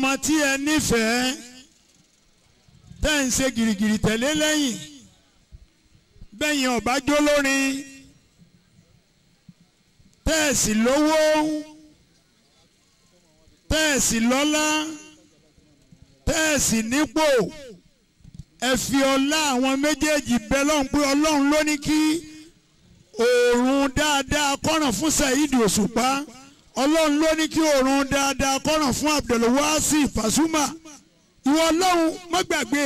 ọmọ tí ẹ nífẹ̀ẹ́ tẹ́ ń ṣe gìrìgìrì tẹ̀lé lẹ́yìn bẹ́yìn ọ̀bá jó lórin tẹ́ẹ̀sì lówó tẹ́ẹ̀sì lọ́lá tẹ́ẹ̀sì nípò ẹ fi ọlá àwọn méjèèjì bẹ lọ́hùn pé ọlọ́run ló kí oòrùn dáadáa kọ́ràn fún Saheed Òṣùpá ọlọ́run ló ní kí oòrùn dáadáa kọ́ràn fún abdulwasi pasuma ìwọ ọlọ́run má gbàgbé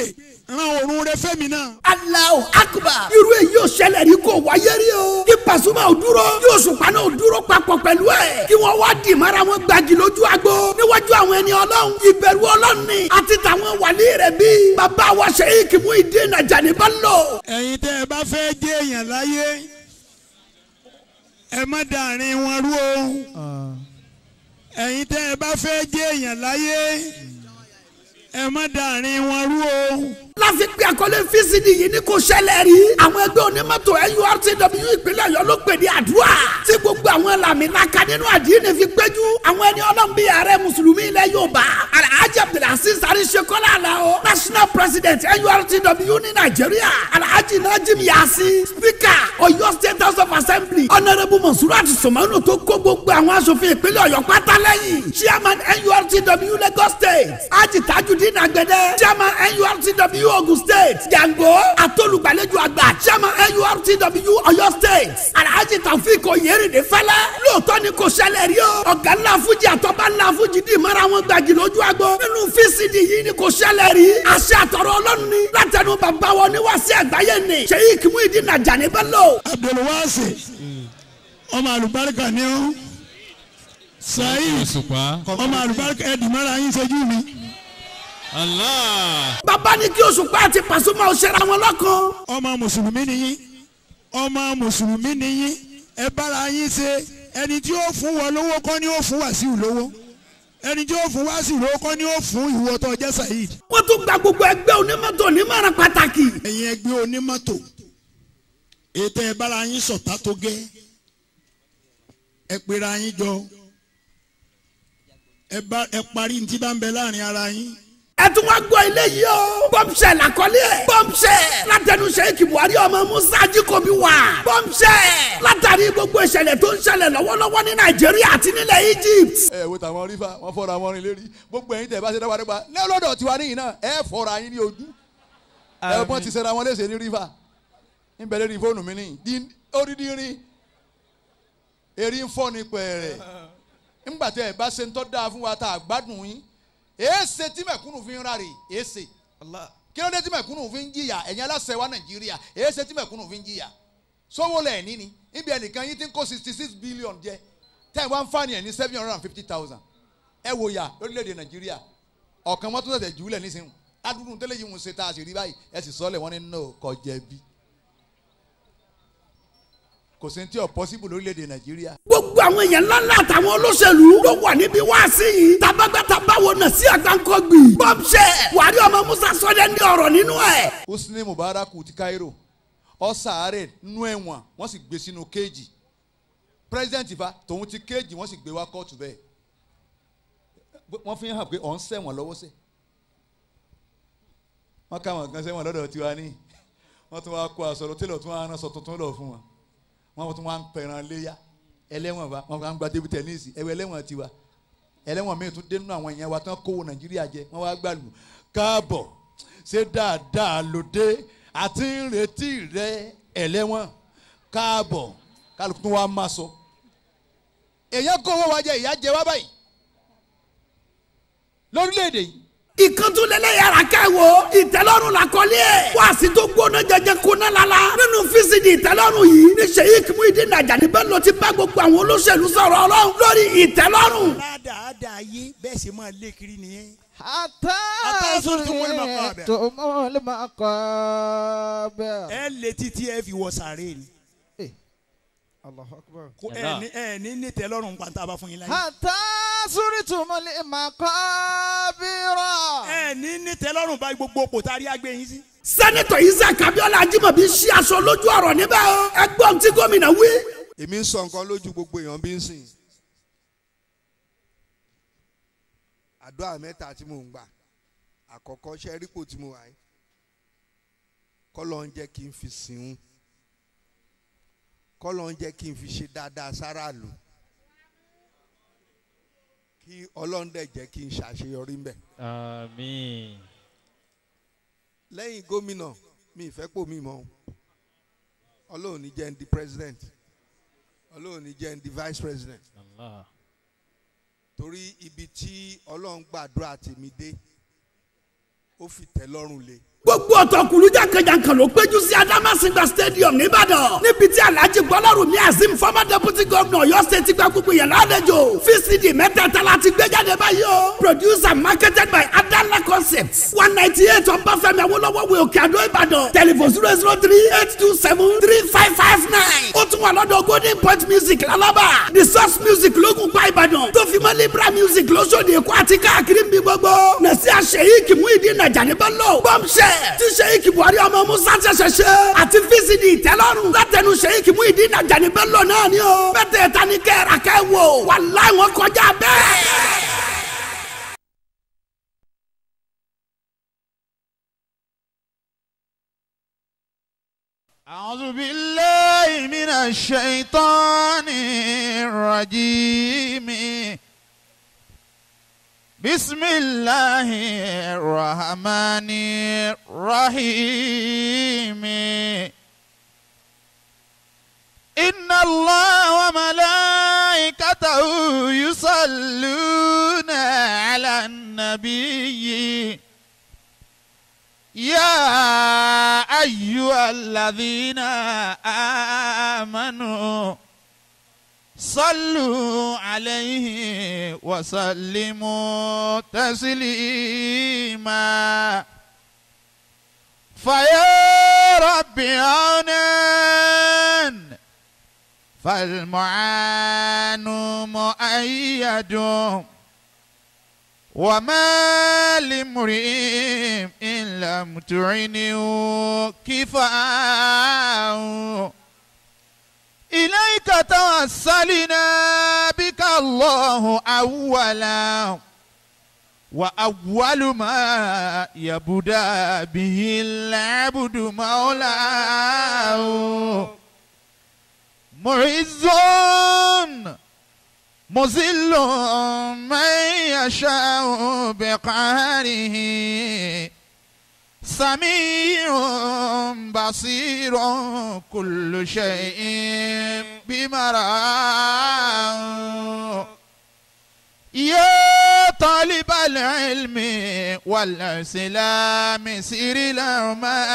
ran oòrùn rẹ fẹ́mi náà. Allahu Akbar. irú èyí yóò ṣẹlẹ̀ rí kò wáyé rí o. kí Pasuma ò dúró kí òṣùpá náà ò dúró papọ̀ pẹ̀lú ẹ̀. kí wọ́n wá dì mara wọn gbàgì lójú agbo. níwájú àwọn ẹni ọlọ́run ìbẹ̀rù ọlọ́run ni àti tàwọn wàlí rẹ̀ bí. bàbá wa Sheikh Muyideen Ajani Bello. ẹ̀yin tẹ́ ẹ bá fẹ́ jẹ́ èèyàn láyé ẹ má dàrin wọn rú o ah. ẹ̀yin tẹ́ ẹ bá fẹ́ jẹ́ èèyàn láyé ẹ má dàrin wọn rú o la fi pe àkọlé fisidi yìí ní kò ṣẹlẹ̀ rí. àwọn ẹgbẹ́ onímọ́tò nurtw ìpínlẹ̀ ọ̀yọ́ ló pè ní àdúrà. tí gbogbo àwọn làmì laka nínú àdínì fi péjú. àwọn ẹni ọlọ́run bíi ààrẹ mùsùlùmí ilẹ̀ yorùbá. alhaji abdulaziz arisekola alao national president nurtw ní nàìjíríà. alhaji najim yasi speaker ọ̀yọ́ state house of assembly. honourable monsurat somanu tó kó gbogbo àwọn aṣòfin ìpínlẹ̀ ọ̀yọ́ pátá lẹ́yìn. chairman nurtw lagos state. aji tajudeen agbede chairman nurtw Ogun state jango atolugbalejo àgbà chairman NURTW Ọ̀yọ́ state alhaji taofik oyeride fẹlẹ lóòótọ́ ni kò ṣẹlẹ̀ rí o ọ̀gá ńlá fújì àtọ́ba ńlá fújì dì mara wọn gbàgì lójú agbo nínú fíìsìdì yìí ni kò ṣẹlẹ̀ rí àṣẹ àtọ̀rọ̀ ọlọ́run ni látẹnu bàbá wọn ni wàásù àgbáyé ni sheik muhideen ajani bello. abdulwasi ọmọ àlùbáríkà ni ó saheed ọmọ àlùbáríkà ẹ̀dùnmọ́ra yín ṣojú mi. Allah. bàbá ní kí Òṣùpá àti Pasuma ó ṣera wọn lọ́kan. ọmọ mùsùlùmí ni yín ọmọ mùsùlùmí ni yín ẹ bára yín ṣe ẹni tí ó fún wọn lówó kọ́ ni ó fún sí lówó ẹni tí ó fún sí lówó kọ́ ni ó fún ìwọ tó jẹ́ wọ́n tún gba gbogbo ẹgbẹ́ onímọ́tò nímọ̀ràn pàtàkì. ẹ̀yin ẹgbẹ́ onímọ́tò ètò ẹ bára yín sọ̀tá tó gẹ́ ẹ pera yín jọ ẹ parí ní ti bá ń bẹ láàrin ara yín ẹ tún wá gbọ́ ilé yìí o. bọ́mṣẹ́ làkọ́lé ẹ̀. bọ́mṣẹ́ látẹnu Sheikh Buhari ọmọ Musa Ajikobi wa. bọ́mṣẹ́ látàrí gbogbo ìṣẹ̀lẹ̀ tó ń ṣẹlẹ̀ lọ́wọ́lọ́wọ́ ní Nàìjíríà àti nílẹ̀ Egypt. ẹ wo tàwọn rífà wọn fọra wọn rìn lérí gbogbo ẹ̀yin tẹ bá ṣe dáwà dẹgba lẹ́lọ́dọ̀ tiwa níyìn náà ẹ fọra yín ní ojú ẹ bọ́n ti ṣẹra wọn léṣe ní rífà ń bẹ̀rẹ̀ ní fóònù mi níyìn orídìí rin erin fọ́ ni Ese tí mẹ̀kúnnù fi ń ráre èèṣe kí ló dé tí mẹ̀kúnnù fi ń jìyà ẹ̀yin aláṣẹ wa nàìjíríà èèṣe tí mẹ̀kúnnù fi ń jìyà sówó lẹ̀ ní ni ibi ẹnìkan yìí ti ń kó sixty six billion jẹ ten one fani yẹn ní seven hundred and fifty thousand ẹ wo yà lórílẹ̀‐èdè nàìjíríà ọ̀kan wọn tó tẹ̀tẹ̀ jù ú lẹ̀ nísìnyí adúlùn tẹ́lẹ̀ yìí ń ṣe tá a sì rí báyìí ẹ sì sọ́ọ̀lẹ̀ wọn ní no kọjẹ́bí kò sí tí ò possible lórílẹ̀‐èdè nàìjíríà. gbogbo àwọn èèyàn ńláńlá àtàwọn olóṣèlú ló wà níbi wáàsí yìí tabagbata báwo nà sí àgbáńkọ́gbì bọ́mṣẹ́ wàrí ọmọ musa sọ́dẹ̀ ní ọ̀rọ̀ nínú ẹ̀. husni mubarak ti cairo ọ̀sàárẹ̀ nú ẹ̀wọ̀n wọ́n sì gbé sínú kéèjì president ìfà tòun ti kéèjì wọ́n sì gbé wá kóòtù bẹ́ẹ̀ wọ́n fi hàn pé ọ̀n sẹ̀wọ̀n lọ́wọ́ sẹ̀ wọ́n ká wọn gan sẹ́wọ̀n lọ́dọ̀ tiwa ní wọ́n tún wá kó aṣọ lọ tẹ́lọ̀ tún wá rán aṣọ tuntun lọ fún wọn wọ́n tún wá ń pẹran léyà ẹlẹ́wọ̀n wa wọ́n kàn ń gba débi tẹ̀lẹ́sì ẹ̀wọ̀ ẹlẹ́wọ̀n tiwa ẹlẹ́wọ̀n míì tún dénú àwọn èèyàn wa tán kówó nàìjíríà jẹ wọ́n wá gbàlù káàbọ̀ ṣé dáadáa lòdè àti ìrètí rẹ ẹlẹ́wọ̀n káàbọ̀ kálukú tún wá máa sọ èèyàn kówó wa jẹ ìyà jẹ wá báyìí lórílẹ̀ yìí ìkàntúlẹ̀lẹ̀ yàrá kẹwò ìtẹ́lọ́rùn la ẹ̀. wá sí tó gbóná jẹjẹ kóná la nínú fisidi ìtẹ́lọ́rùn yìí ni sheik muhideen ajani bẹ́ẹ̀ ló ti bá gbogbo àwọn olóṣèlú sọ̀rọ̀ ọlọ́run lórí ìtẹ́lọ́rùn. dáadáa yé bẹ́ẹ̀ sì máa lé kiri nìyẹn. ata ẹ tó mọ́ ọ́ lè máa kọ́ bẹ́ẹ̀. ẹ lè títí ẹ fi wọ sàárè ni. Allahu Akbar. ko ẹ ní ẹ ní ní tẹ lọ́rùn nǹkan tá a bá fún yín láyé. hatta zuritumul maqabira. ẹ ní ní tẹ lọ́rùn bá gbogbo kò tá a rí agbé yín sí. sẹ́nitọ̀ Isaac Abiola Ajimobi ṣí aṣọ lójú ọ̀rọ̀ níbẹ̀ o ẹ gbọ́n tí gómìnà wí. èmi ń sọ nǹkan lójú gbogbo èèyàn bí ń sìn. àdúrà mẹ́ta tí mò ń gbà àkọ́kọ́ ṣẹ́ríkò tí mo wà yìí kọ́ ló jẹ́ kí n fi sìn ún kọ́lọ́ ń jẹ́ kí n fi ṣe dáadáa sára lù kí ọlọ́run dẹ̀ jẹ́ kí n ṣàṣeyọrí mbẹ̀. lẹ́yìn gómìnà mi ìfẹ́ pò mí mọ́ ọlọ́run ní jẹ́ ń president ọlọ́run ní jẹ́ ń vice president. Allah. torí ibi tí ọlọ́run gbàdúrà tèmi dé ó fi tẹ́ lọ́rùn lé gbogbo ọ̀tọ̀kùlú jákèjàkàn ló péjú sí Adamasingba stadium nìbàdàn níbi tí alhaji gbọ́lárùmí azeem former deputy governor Ọ̀yọ́ state gba gbogbo yẹn lálejò fcd mẹ́tẹ̀ẹ̀ta láti gbé jáde báyìí o producer marketed by adala concepts one ninety eight ọbáfẹ́mi awólọ́wọ̀ wẹ̀ òkè àdó ìbàdàn telephone zero zero three eight two seven three five five nine ó tún wà lọ́dọ̀ golden point music lálábà the source music lókun pa ìbàdàn tó fi mọ́ libra music lóṣòdì èkó àti káàkiri ń bí gbogbo nàìjíríà sèyí kìmú ìdí nàìjà ní bẹ́ẹ̀ lọ bombshell bẹ́ẹ̀. tí sẹ́yìkì buhari ọmọ musa ṣẹ̀ṣẹ̀ ṣe. àti fisidi ìtẹ́lọ́rùn. látẹnu sẹ́yìkì mú ìdí ìdajàni bẹ́ẹ̀ lọ náà ni o. bẹ́ẹ̀ tẹ̀ ni kẹ́ra kẹ́ wò. wàláhì wọn kọjá bẹ́ẹ̀. أعوذ بالله من الشيطان الرجيم بسم الله الرحمن الرحيم إن الله وملائكته يصلون على النبي يا أيها الذين آمنوا صلوا عليه وسلموا تسليما فيا رب عونا فالمعان مؤيد وما لامرئ إن لم تعنه ilayka tawassalna bika Allahu awwala wa awwalu ma yabuda bihi al-abdu mawlahu mu'izzun مذل من يشاء بقهره سميع بصير كل شيء بمراه يا طالب العلم والسلام سير العمى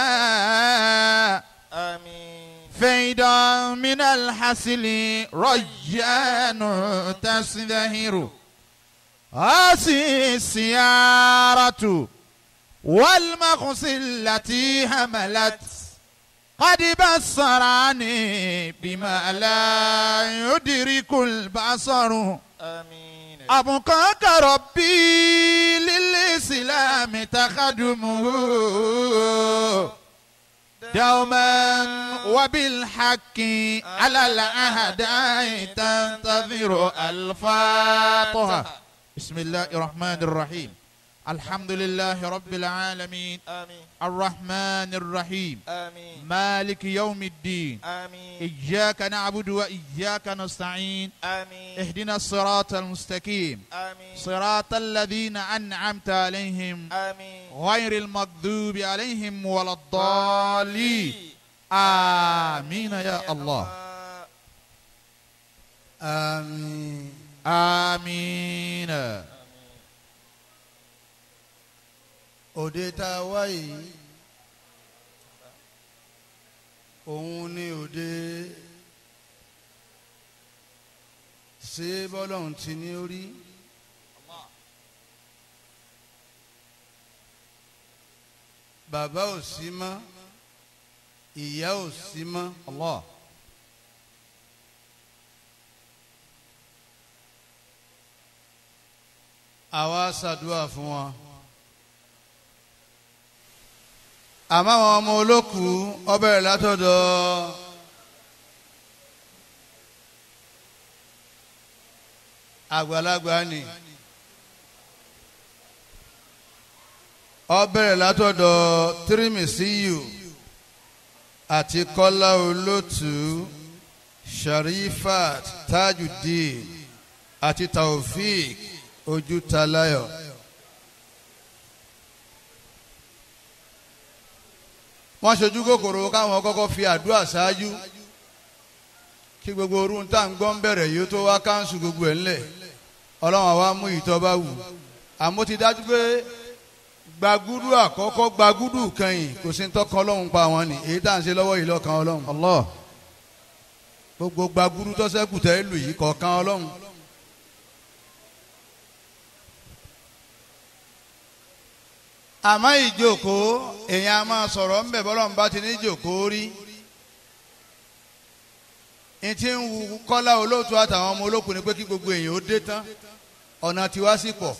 آمين فيدا من الحسل رجان تزدهر هذه السيارة والمغص التي هملت قد بصراني بما لا يدرك البصر آمين أبقاك ربي للإسلام تخدمه دوما وبالحق على العهد تنتظر الفاتحه بسم الله الرحمن الرحيم الحمد لله رب العالمين آمين الرحمن الرحيم آمين مالك يوم الدين آمين إياك نعبد وإياك نستعين آمين اهدنا الصراط المستقيم آمين صراط الذين أنعمت عليهم آمين غير المغضوب عليهم ولا الضالين آمين يا الله آمين آمين, آمين. òde tá a wá yìí òun ni òde ṣé bọ́lọ́hún ti ní orí. bàbá ò sí mọ́ ìyá ò sí mọ́. Allah. àwa ṣàdúrà fún wọn. àmọ́ àwọn ọmọ olókù ó bẹ̀rẹ̀ látọ̀dọ̀ àgbàlagbà ni ó bẹ̀rẹ̀ látọ̀dọ̀ tírímìsíyù àti kọ́lá olótù sharifat tajudeen àti taofik ojútaláyọ̀. wọ́n ṣojú kòkòrò káwọn kọ́kọ́ fi àdúrà ṣáájú kí gbogbo orun tá à ń gbọ́n bẹ̀rẹ̀ yìí tó wá káńsù gbogbo ẹ̀ ńlẹ̀ ọlọ́run àwa mú ìtọ́ba wù àmọ́ ti dájú pé gbagudu àkọ́kọ́ gbagudu kẹyìn kò sí tọ́kan ọlọ́run pa wọn ni èyí tá à ń ṣe lọ́wọ́ yìí lọ́kan ọlọ́run gbogbo gbagudu tọ́sẹ́kù tẹ́ lù yìí kọ̀ọ̀kan ọlọ́run àmọ́ ìjókòó èèyàn a máa sọ̀rọ̀ ńbẹ̀ bọ́lọ́run bá ti ní ìjókòó rí n ti ń wu kọ́lá olóòtú àtàwọn ọmọ olókùn ni pé kí gbogbo èèyàn ó dé tán ọ̀nà tiwa sì pọ̀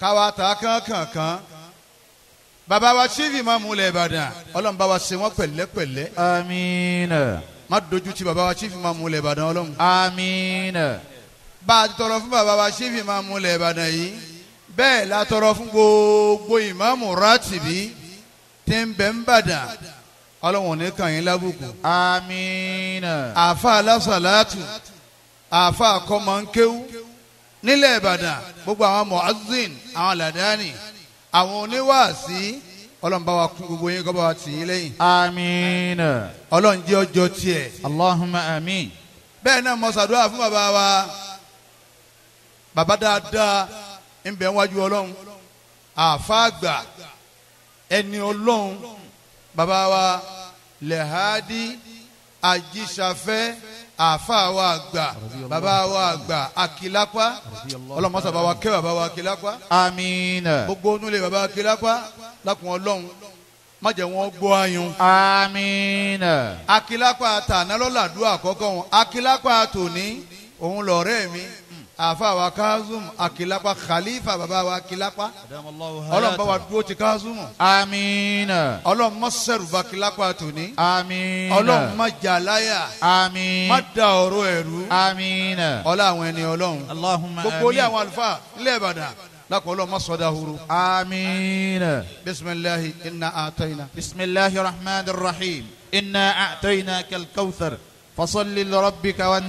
káwa ta kánkànkán bàbá wa sífì máa múlẹ̀ Ìbàdàn ọlọ́run bá wa ṣe wọ́n pẹ̀lẹ́pẹ̀lẹ́. amiina. má dojú ti bàbá wa sífì máa múlẹ̀ Ìbàdàn ọlọ́run. amiina. bá a ti tọrọ fún bàbá wa sífì máa múlẹ̀ Ìbàdàn yìí bẹ́ẹ̀ la tọrọ fún gbogbo ìmáàmù rátìbí tí ń bẹ ń bàdàn ọlọ́wọ̀n ní kàn yín lábùkù. amiina. àfa alásàlátù àfa kọ́mọ̀nkéwú nílẹ̀ ìbàdàn gbogbo àwọn muazzin àwọn làdáni àwọn oníwàásí ọlọ́run bá wa kún gbogbo yín kọ́ bá wa tì yín lẹ́yìn. amiina. ọlọ́run jẹ́ ọjọ́ tiẹ̀. allahumma amin. bẹ́ẹ̀ náà mo fún bàbá wa bàbá dáadáa ń bẹ wájú ọlọ́run àfáàgbà ẹni ọlọ́run bàbá wa lẹ́hàádì àjíṣàfẹ́ àfáà wa àgbà bàbá wa àgbà àkìlápá ọlọ́mọṣà bàbá wa kẹ́ bàbá wa àkìlápá. amiina. gbogbo onúlé bàbá àkìlápá lákùn ọlọ́run má wọn gbọ́ ayun. amiina. àkìlápá tànálọ́làdúrà àkọ́kọ́ wọn àkìlápá tòní òun lọ̀rẹ́ mi àfa wa kaazum akilapa khalifa baba wa akilapa ọlọ́run bá wa dúró ti kaazum. amiina. ọlọ́run ma sẹ́rù ba akilapa tóní. amiina. ọlọ́run ma jàláyà. amiina. ma da ọ̀rọ̀ ẹ̀rú. amiina. ọlọ́ àwọn ẹni ọlọ́run. alahuma amiina. gbogbo ilé àwọn alifa ilé ìbàdàn lakọlọ ma sọ amiina. bisimilahi inna atayna. bisimilahi rahman inna atayna kalkawthar. fasoli lorabbi kawan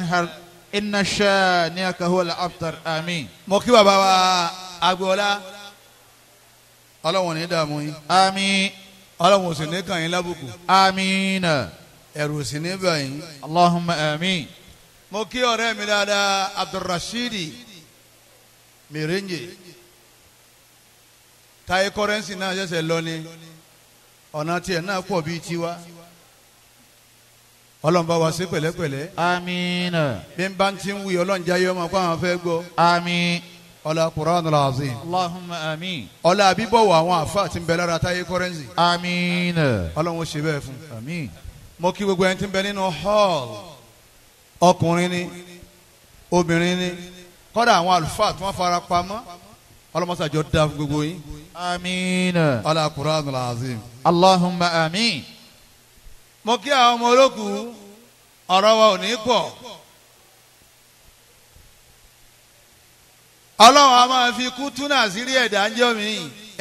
iná ṣe ní akahola aftar amin. mo kí bàbá wa agboola ọlọ́wọ̀n ní dààmú yín. àmín. ọlọ́wọ̀n sì ní kàn yín lábùkù. amiina. ẹ̀rù sì ní bà yín. allahumma àmín. mo kí ọ̀rẹ́ mi dáadáa abdulrasheed merenje taye kọrẹ́nsì náà ṣẹ̀ṣẹ̀ lọ ni ọ̀nà tiẹ̀ náà pọ̀ bíi tiwa ọlọ́run bá wa ṣe pẹ̀lẹ́pẹ̀lẹ́. amiina. bí n bá ń ti ń wí ọlọ́run jẹ́ ayé ọmọ kó àwọn fẹ́ gbọ́. ami. ọlá Qur'anul azim. Allahumma amin. ọlá bíbọ̀wọ̀ àwọn àfa ti ń bẹ lára táyé kọ́rẹ́nsì. amiina. ọlọ́run ó ṣe bẹ́ẹ̀ fún. ami. mo kí gbogbo ẹni tí ń bẹ nínú hall ọkùnrin ni obìnrin ni kọ́dà àwọn àlùfáà tí wọ́n fara pamọ́ ọlọ́mọṣàjọ dá gbogbo yín. amiina. ọlá Qur'anul azim. Allahumma amin. mo kí àwọn ọmọ olókùú ọ̀rọ̀ wa ò ní pọ̀ ọlọ́run a máa fi kú túnà ẹ̀dá ń jọ́ mi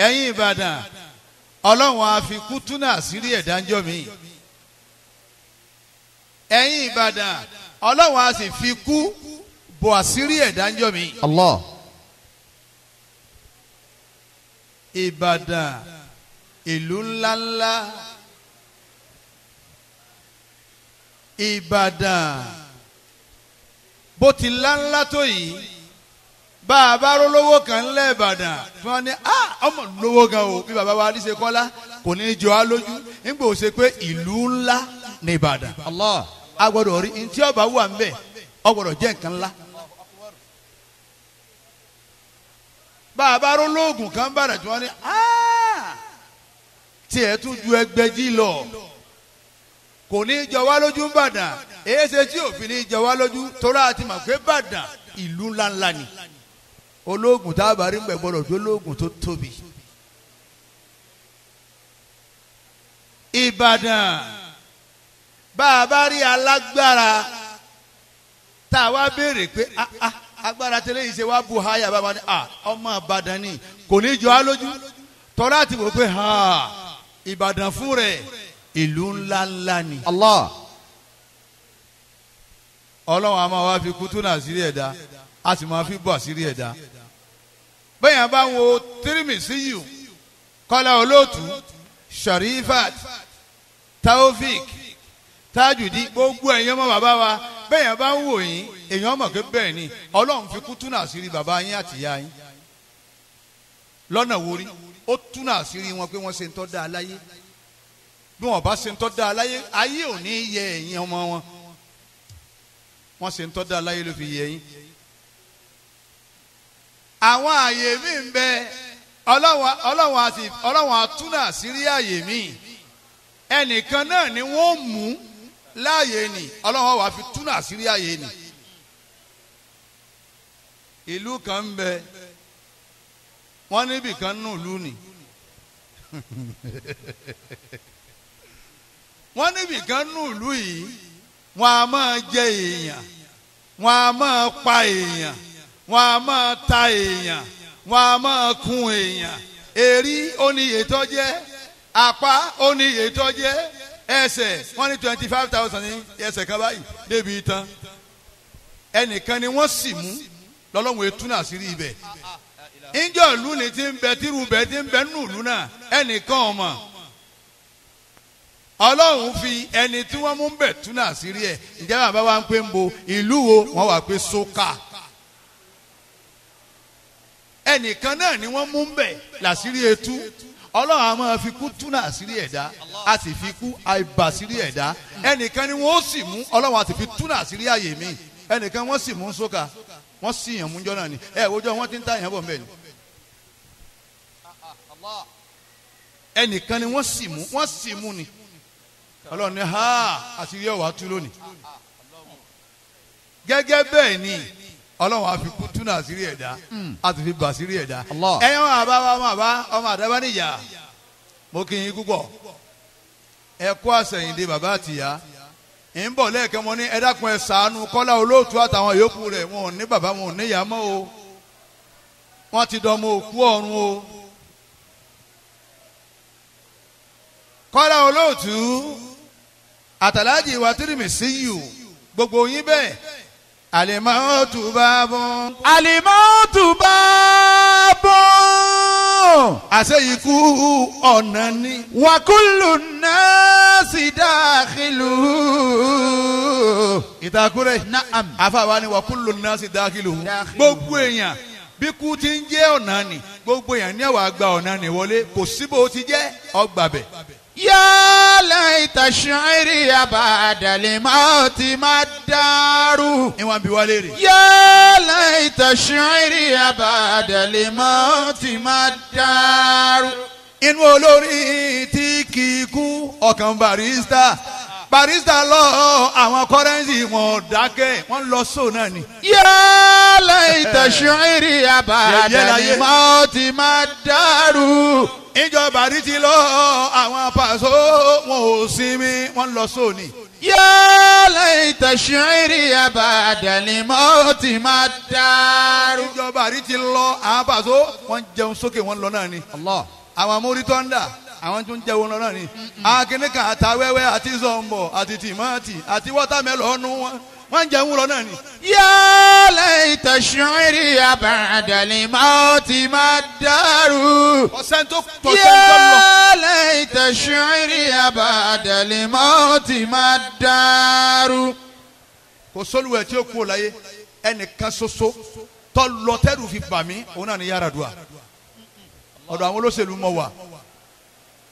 ẹ̀yìn ìbàdàn ọlọ́run a fi kú túnà ẹ̀dá ń jọ́ mi ẹ̀yìn ìbàdàn ọlọ́run a Ìbàdàn bó ti láńlá tó yìí bá rólówó kan ńlẹ̀ Ìbàdàn fún wa ní ah, ọmọ lówó o bí bàbá wa kọ́lá kò ní í jọ á lójú nígbà ó ṣe pé ìlú ńlá ní Ìbàdàn a gbọ́dọ̀ rí ntí ọba wà ọ jẹ́ nǹkan ńlá. bá a kan bàdàn tí ní ah, ju lọ. kò ní jọ wá lójú ń bàdàn èyí ṣe tí òfin ní jọ wá lójú torí àti mọ̀ pé bàdàn ìlú ńláńlá ni ológun tá a bá rí ń bẹ̀ gbọ́dọ̀ jó ológun tó tóbi. ìbàdàn bá a bá rí alágbára tá a wá béèrè pé agbára tẹ́lẹ̀ yìí ṣe wá bu háyà bàbá ni ọmọ ìbàdàn ni kò ní jọ á lójú torí àti wò pé ìbàdàn fún rẹ̀ ìlú ńlá ńlá ni. Allah ọlọ́run a máa wá fi kútú náà sírí ẹ̀dá a sì máa fi bọ̀ sírí ẹ̀dá. bẹ́ẹ̀ yẹn bá wo tirimisiyu kọ́lá olóòtú sharifat taofik tajudi gbogbo ẹ̀yẹ́ mọ́ bàbá wa bẹ́ẹ̀ bá ń wò yín èèyàn mọ̀ pé bẹ́ẹ̀ ni ọlọ́run fi kútú náà sírí bàbá yín àtìyá yín lọ́nà wo rí ó tú náà wọn pé wọ́n ṣe ń tọ́ da aláyé. bí wọn bá se ń tọ́ da aláyé ayé ò ní yẹ ẹ̀yìn ọmọ wọn wọn se ń tọ́ da aláyé ló fi yẹ àwọn àyè ń bẹ ọlọ́wọ́n àtúnà sírí àyè mi ẹnìkan náà ni wọ́n mú láàyè ni ọlọ́wọ́n wàá fi túnà sírí àyè ni. ìlú kan ń bẹ kan wọ́n níbi kan nù ìlú yìí wọ́n a máa jẹ èèyàn wọ́n a máa pa èèyàn wọ́n a máa ta èèyàn wọ́n a máa kun èèyàn èrí oníyè jẹ́ apá jẹ́ ẹsẹ̀ wọ́n ní twenty five thousand ní ẹsẹ̀ kan báyìí débi tán ẹnìkan ni wọ́n sì mú lọ́lọ́run náà sí rí ibẹ̀. ìlú ń bẹ tírú bẹ ti ń bẹ nù ìlú náà ẹnìkan ọlọ́run fi ẹni tí wọ́n mú bẹ̀ tún náà sí rí ẹ̀ ǹjẹ́ bàbá wa ń pè ń bo ìlú wo wọ́n wà pé sókà ẹnìkan náà ni wọ́n mú bẹ̀ làṣírí etú ọlọ́run a máa fi kú tún náà sírí ẹ̀dá a sì fi kú àìbà sírí ẹ̀dá ẹnìkan ni wọ́n sì mú ọlọ́run a sì fi tún náà sírí àyè mi ẹnìkan wọ́n sì mú sókà wọ́n sì yàn mú jọ́nà ni ẹ wojọ́ wọ́n ti ń ta bọ̀ mẹ́rin ẹnìkan ni wọ́n sì mú wọ́n sì mú ni ọlọ́run ní ha àṣírí ẹ̀ wá tú lónìí gẹ́gẹ́ bẹ́ẹ̀ ni ọlọ́run àfikún túnú àṣírí ẹ̀dá àti hmm. fi bà àṣírí ẹ̀dá ẹ̀yin wọn àbá wa wọn àbá ọmọ àdábá níyà mo kí yín púpọ̀ ẹ kú àṣẹyìndé bàbá àtìyá ń bọ̀ lẹ́ẹ̀kẹ́ mọ́ ní ẹ dákun ẹ ṣàánú kọ́lá olóòtú àtàwọn yòókù rẹ̀ wọn ò ní bàbá wọn ní ìyá o wọ́n ti dán ọmọ òkú ọ̀run o kọ́lá olóòtú àtàlájì wa Tirmidhi yù gbogbo yín bẹ́ẹ̀ àlèmọ́tù bá bọ́. àlèmọ́tù bá bọ́. àṣeyìkú ọ̀nà ni. wàkúlù náà sì dákìlù. ìtakùrẹ́ àfàwa ni wàkúlù náà sì dákìlù. gbogbo èèyàn bí kú ti ń jẹ́ ọ̀nà ni gbogbo èèyàn ní àwọn àgbà ọ̀nà ni wọlé kò síbò ti jẹ́ ọgbàbẹ̀. يا ليت شعري بعد الموت ما الدار يا ليت شعري بعد الموت ما الدار inú olórin tí kì í kú ọkàn barista barista lọ àwọn kọrẹ́nsì wọn ò dákẹ́ wọ́n lọ sóò náà ni. yálà ìtẹ̀sùnrin àbàdàn ìmọ̀ ti máa dàrú. ìjọba rí ti lọ àwọn pàṣọ wọn ò sinmi wọ́n lọ sóò ni. yálà ìtẹ̀sùnrin àbàdàn ìmọ̀ ti máa dàrú. ìjọba rí ti lọ àwọn pàṣọ wọn jẹun sókè wọn lọ náà ni. àwọn amórí tó ń dà àwọn tó ń jẹ́ wọn lọ́nà ni. akínníkan àtàwẹ́wẹ́ àti zọ̀mbọ̀ àti tìmọ́tì àti wọ́tàmẹ́lọ́nù wọn wọ́n jẹ́ ń wúrọ̀ náà ni. yálẹ̀ ìtẹ̀sùnrin àbàdàlẹ̀ máa ti máa dàrú. pọ̀sẹ́ntò pọ̀sẹ́ntò lọ. yálẹ̀ ìtẹ̀sùnrin àbàdàlẹ̀ máa ti máa dàrú. kò sólùwẹ̀ tí ó kú láyé ẹnìkan ṣoṣo tọ́ fi bà mí òun náà ni yàrá dùà ọ̀dọ̀ àwọn olóṣèlú mọ̀ wà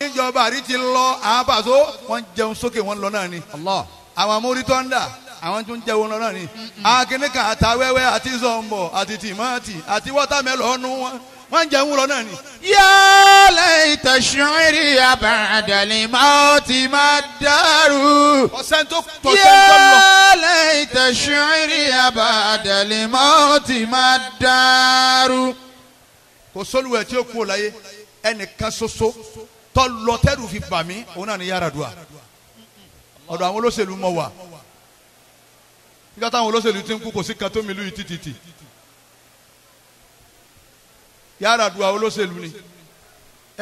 níjọba àrí ti lọ àwọn pàṣọ wọn jẹun sókè wọn lọ náà ni àwọn amóritọ́ndà àwọn tún jẹun lọ náà ni akínníkà àtàwẹ́wẹ́ àti zọ̀mbọ̀ àti tìmọ́tì àti wọ́tàmẹ́lọ́nù wọn wọ́n jẹun lọ náà ni. yálẹ̀ ìtẹ̀sùnrin àbàdàlẹ̀ máa ti máa dàrú. pọ̀sẹ́ntó pọ̀sẹ́ntó lọ. yálẹ̀ ìtẹ̀sùnrin àbàdàlẹ̀ máa ti máa dàrú. kò sólùwẹ̀ tí ó kú ọ tọ́ lọ tẹ́rù fi bà mí òun náà ní Yaradua ọ̀dọ̀ àwọn olóṣèlú mọ̀ wà nígbà táwọn olóṣèlú ti ń kú kò sí kan tó mi lù yìí títìtì Yaradua olóṣèlú ni